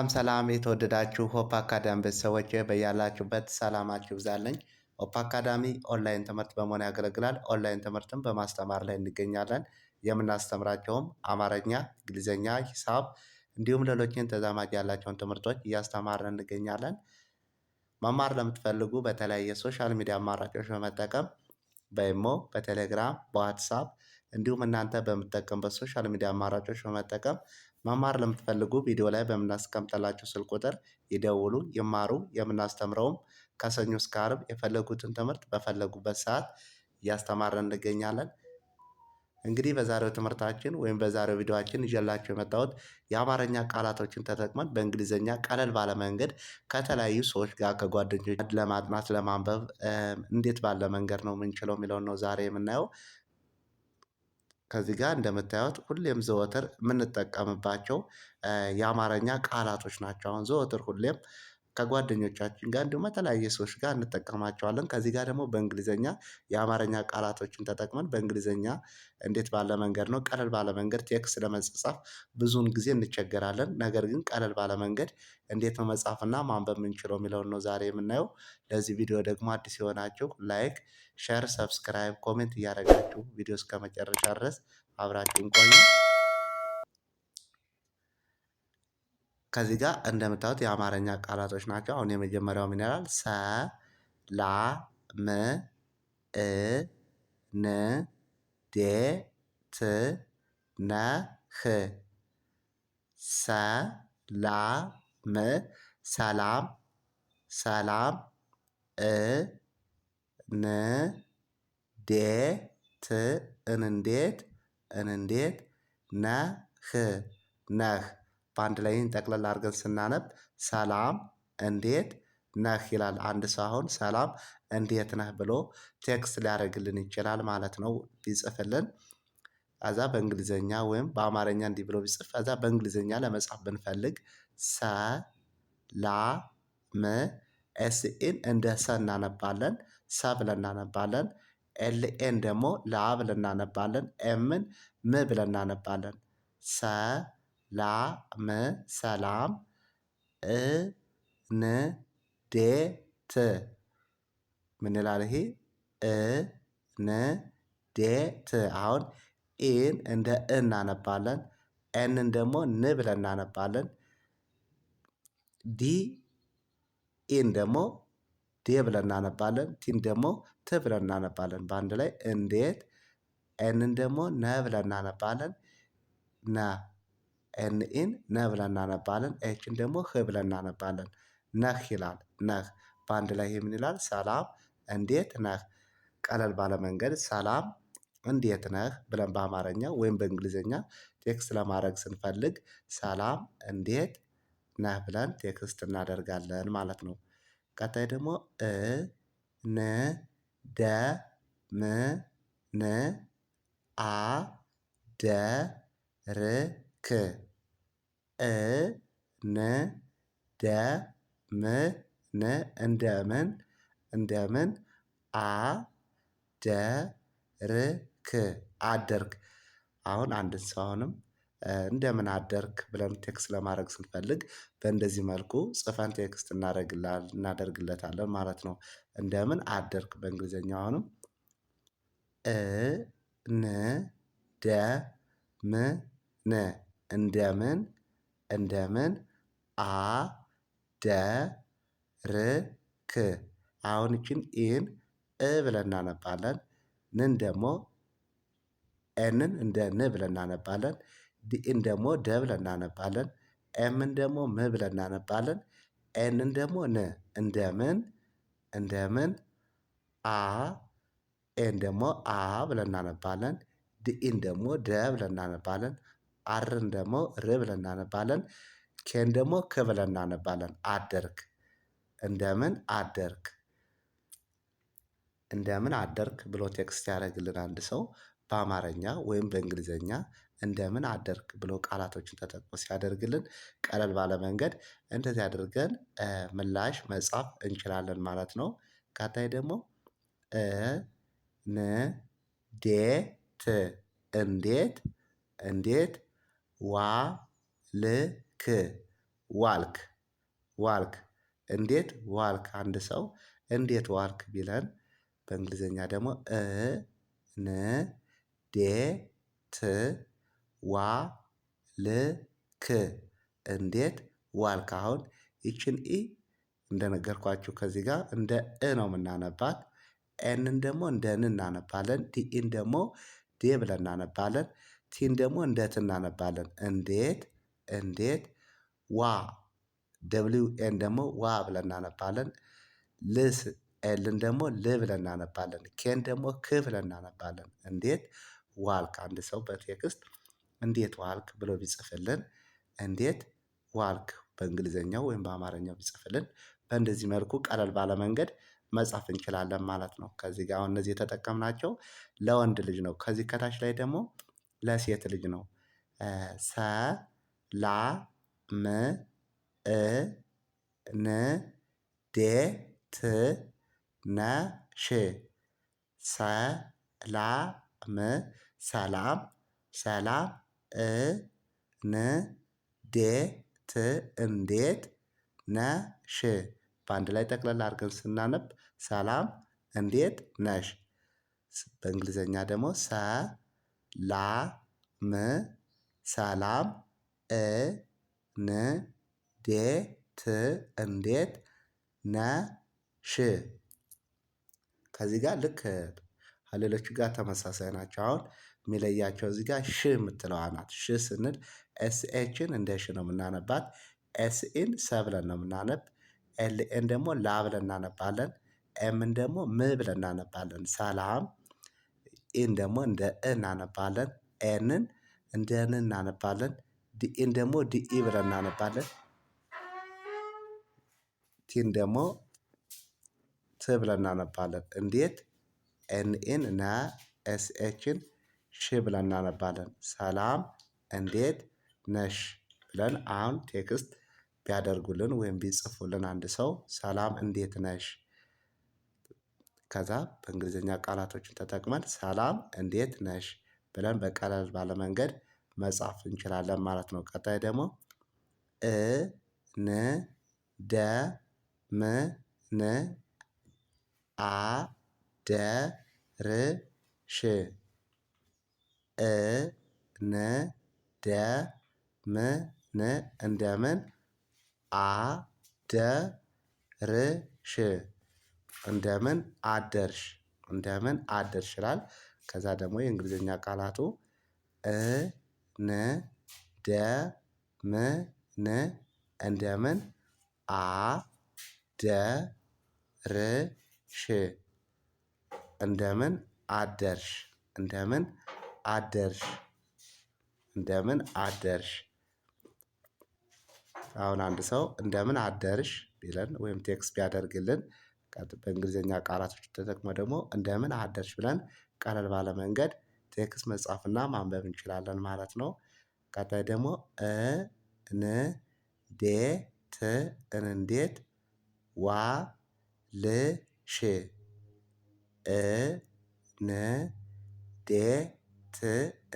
ሰላም ሰላም የተወደዳችሁ ሆፕ አካዳሚ ቤተሰቦች በያላችሁበት ሰላማችሁ ይብዛለኝ። ሆፕ አካዳሚ ኦንላይን ትምህርት በመሆን ያገለግላል። ኦንላይን ትምህርትን በማስተማር ላይ እንገኛለን። የምናስተምራቸውም አማርኛ፣ እንግሊዝኛ፣ ሂሳብ እንዲሁም ሌሎችን ተዛማጅ ያላቸውን ትምህርቶች እያስተማርን እንገኛለን። መማር ለምትፈልጉ በተለያየ ሶሻል ሚዲያ አማራጮች በመጠቀም በኢሞ፣ በቴሌግራም፣ በዋትሳፕ እንዲሁም እናንተ በምጠቀምበት ሶሻል ሚዲያ አማራጮች በመጠቀም መማር ለምትፈልጉ ቪዲዮ ላይ በምናስቀምጠላቸው ስልክ ቁጥር ይደውሉ፣ ይማሩ። የምናስተምረውም ከሰኞ እስከ ዓርብ የፈለጉትን ትምህርት በፈለጉበት ሰዓት እያስተማረን እንገኛለን። እንግዲህ በዛሬው ትምህርታችን ወይም በዛሬው ቪዲዮችን ይዤላችሁ የመጣሁት የአማርኛ ቃላቶችን ተጠቅመን በእንግሊዝኛ ቀለል ባለ መንገድ ከተለያዩ ሰዎች ጋር ከጓደኞች ለማጥናት ለማንበብ እንዴት ባለ መንገድ ነው ምንችለው የሚለውን ነው ዛሬ የምናየው። ከዚህ ጋር እንደምታዩት ሁሌም ዘወትር የምንጠቀምባቸው የአማርኛ ቃላቶች ናቸው። አሁን ዘወትር ሁሌም ከጓደኞቻችን ጋር እንዲሁም ከተለያየ ሰዎች ጋር እንጠቀማቸዋለን። ከዚህ ጋር ደግሞ በእንግሊዘኛ የአማርኛ ቃላቶችን ተጠቅመን በእንግሊዘኛ እንዴት ባለ መንገድ ነው ቀለል ባለ መንገድ ቴክስት ለመጻፍ ብዙውን ጊዜ እንቸገራለን። ነገር ግን ቀለል ባለ መንገድ እንዴት ነው መጻፍና ማንበብ የምንችለው የሚለውን ነው ዛሬ የምናየው። ለዚህ ቪዲዮ ደግሞ አዲስ የሆናችሁ ላይክ ሼር ሰብስክራይብ ኮሜንት እያደረጋችሁ ቪዲዮ እስከመጨረሻ ድረስ አብራችሁን ቆዩ ከዚህ ጋር እንደምታዩት የአማርኛ ቃላቶች ናቸው። አሁን የመጀመሪያው ምን ይላል? ሰ ላ ም እ ን ዴ ት ነ ህ ሰ ላ ም ሰላም ሰላም እ ን ዴ ት እንንዴት እንንዴት ነህ ነህ በአንድ ላይ ጠቅለል አድርገን ስናነብ ሰላም እንዴት ነህ ይላል። አንድ ሰው አሁን ሰላም እንዴት ነህ ብሎ ቴክስት ሊያደርግልን ይችላል ማለት ነው ቢጽፍልን። ከዛ በእንግሊዝኛ ወይም በአማርኛ እንዲህ ብሎ ቢጽፍ ከዛ በእንግሊዝኛ ለመጻፍ ብንፈልግ ም ኤስኢን እንደ ሰ እናነባለን፣ ሰ ብለን እናነባለን። ኤልኤን ደግሞ ላ ብለን እናነባለን። ኤምን ም ብለን እናነባለን። ሰ ላም ሰላም እንዴት ምን ይላል ይሄ እንዴት አሁን ኢን እንደ እ እናነባለን ኤንን ደግሞ ን ብለን እናነባለን ዲ ኢን ደግሞ ዴ ብለን እናነባለን ቲን ደግሞ ት ብለን እናነባለን በአንድ ላይ እንዴት ኤንን ደግሞ ነ ብለን እናነባለን ነ ኤንኢን ነ ብለን እናነባለን ኤችን ደግሞ ህ ብለን እናነባለን። ነህ ይላል ነህ በአንድ ላይ ምን ይላል? ሰላም እንዴት ነህ? ቀለል ባለ መንገድ ሰላም እንዴት ነህ ብለን በአማርኛ ወይም በእንግሊዘኛ ቴክስት ለማድረግ ስንፈልግ ሰላም እንዴት ነህ ብለን ቴክስት እናደርጋለን ማለት ነው። ቀጣይ ደግሞ እ ን ደ ም ን አ ደ ር ክ እንደምን እንደምን እንደምን አደርክ አደርክ አሁን አንድን ሰው አሁንም እንደምን አደርክ ብለን ቴክስት ለማድረግ ስንፈልግ በእንደዚህ መልኩ ጽፈን ቴክስት እናደርግለታለን ማለት ነው። እንደምን አደርክ በእንግሊዘኛ አሁንም ን ደ ም ን እንደምን እንደምን ክ አሁን ይቺን ኢን እ ብለን እናነባለን። ንን ደግሞ ኤንን እንደ ን ብለን እናነባለን። ዲኢን ደግሞ ደ ብለን እናነባለን። ኤምን ደግሞ ም ብለን እናነባለን። ኤንን ደግሞ ን እንደምን እንደምን አ ኤን ደግሞ አ ብለን እናነባለን። ዲኢን ደግሞ ደ ብለን እናነባለን። አርን ደግሞ ር ብለን እናነባለን። ኬን ደግሞ ክ ብለን እናነባለን። አደርግ እንደምን አደርክ እንደምን አደርግ ብሎ ቴክስት ያደርግልን አንድ ሰው በአማርኛ ወይም በእንግሊዝኛ እንደምን አደርክ ብሎ ቃላቶችን ተጠቅሞ ሲያደርግልን ቀለል ባለ መንገድ እንደዚህ አድርገን ምላሽ መጻፍ እንችላለን ማለት ነው። ቀጣይ ደግሞ እንዴት እንዴት እንዴት ዋ ል ክ ዋልክ ዋልክ እንዴት ዋልክ አንድ ሰው እንዴት ዋልክ ቢለን በእንግሊዘኛ ደግሞ እ ን ዴ ት ዋ ል ክ እንዴት ዋልክ። አሁን ይችን ኢ እንደነገርኳችሁ ከዚህ ጋር እንደ እ ነው የምናነባት። ኤንን ደግሞ እንደ ን እናነባለን። ዲኢን ደግሞ ዴ ብለን እናነባለን። ቲን ደግሞ እንዴት እናነባለን እንዴት እንዴት ዋ ደብሊው ኤን ደግሞ ዋ ብለን እናነባለን። ልስ ኤልን ደግሞ ል ብለን እናነባለን ኬን ደግሞ ክ ብለን እናነባለን እንዴት ዋልክ አንድ ሰው በቴክስት እንዴት ዋልክ ብሎ ቢጽፍልን እንዴት ዋልክ በእንግሊዝኛው ወይም በአማርኛው ቢጽፍልን በእንደዚህ መልኩ ቀለል ባለ መንገድ መጻፍ እንችላለን ማለት ነው። ከዚህ ጋር አሁን እነዚህ የተጠቀምናቸው ለወንድ ልጅ ነው። ከዚህ ከታች ላይ ደግሞ ለሴት ልጅ ነው። ሰ ላ ም እ ን ዴ ት ነ ሽ ሰ ላ ም ሰላም ሰላም እ ን ዴ ት እንዴት ነ ሽ በአንድ ላይ ጠቅለል አድርገን ስናነብ ሰላም እንዴት ነሽ። በእንግሊዘኛ ደግሞ ሰ ላ ም ሰላም እ ን ዴ ት እንዴት ነ ሽ ከዚህ ጋር ልክ ከሌሎቹ ጋር ተመሳሳይ ናቸው። አሁን የሚለያቸው እዚህ ጋር ሽ የምትለዋ ናት። ሽ ስንል ኤስኤችን እንደ ሽ ነው የምናነባት። ኤስኢን ሰ ብለን ነው የምናነብ። ኤልኤን ደግሞ ላ ብለን እናነባለን። ኤምን ደግሞ ም ብለን እናነባለን። ሰላም ኤን ደግሞ እንደ እ እናነባለን ኤንን እንደ ን እናነባለን ዲኤን ደግሞ ዲኢ ብለን እናነባለን። ቲን ደግሞ ት ብለን እናነባለን። እንዴት ኤንኤን ና ኤስኤችን ሽ ብለን እናነባለን። ሰላም እንዴት ነሽ ብለን አሁን ቴክስት ቢያደርጉልን ወይም ቢጽፉልን አንድ ሰው ሰላም እንዴት ነሽ ከዛ በእንግሊዘኛ ቃላቶችን ተጠቅመን ሰላም እንዴት ነሽ ብለን በቀለል ባለመንገድ መጻፍ እንችላለን ማለት ነው። ቀጣይ ደግሞ እ ን ደ ም ን አ ደ ር ሽ እ ን ደ ም ን እንደምን አ ደ ር ሽ እንደምን አደርሽ እንደምን አደርሽ ይላል። ከዛ ደግሞ የእንግሊዝኛ ቃላቱ እ ን ደ ም ን እንደምን አ ደ ር ሽ እንደምን አደርሽ እንደምን አደርሽ እንደምን አደርሽ። አሁን አንድ ሰው እንደምን አደርሽ ቢለን ወይም ቴክስት ቢያደርግልን በእንግሊዘኛ ቃላቶች ተጠቅሞ ደግሞ እንደምን አደርሽ ብለን ቀለል ባለ መንገድ ቴክስት መጻፍና ማንበብ እንችላለን ማለት ነው። ቀጣይ ደግሞ እ ን ዴ ት እንዴት ዋ ል ሽ ዴ ት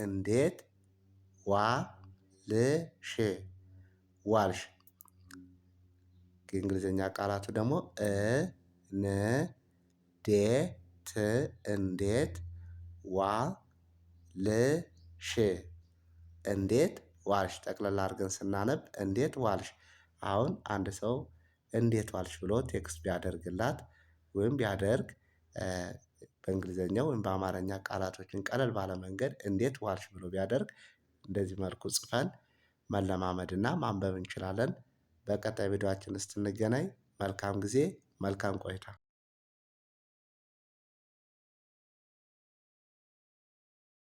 እንዴት ዋ ል ሽ ዋልሽ። የእንግሊዘኛ ቃላቱ ደግሞ እ ንዴት እንዴት ዋልሽ እንዴት ዋልሽ ጠቅላላ አድርገን ስናነብ እንዴት ዋልሽ። አሁን አንድ ሰው እንዴት ዋልሽ ብሎ ቴክስት ቢያደርግላት ወይም ቢያደርግ በእንግሊዘኛ ወይም በአማርኛ ቃላቶችን ቀለል ባለ መንገድ እንዴት ዋልሽ ብሎ ቢያደርግ እንደዚህ መልኩ ጽፈን መለማመድና ማንበብ እንችላለን። በቀጣይ ቪዲዮአችን እስክንገናኝ መልካም ጊዜ መልካም ቆይታ